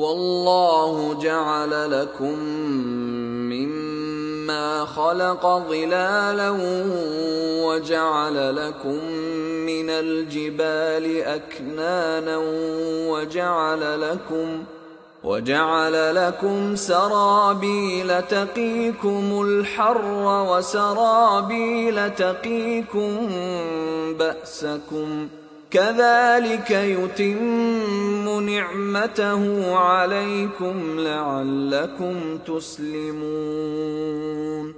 والله جعل لكم مما خلق ظلالا وجعل لكم من الجبال أكنانا وجعل لكم وجعل لكم سرابيل تقيكم الحر وسرابيل تقيكم بأسكم ۖ كذلك يتم نعمته عليكم لعلكم تسلمون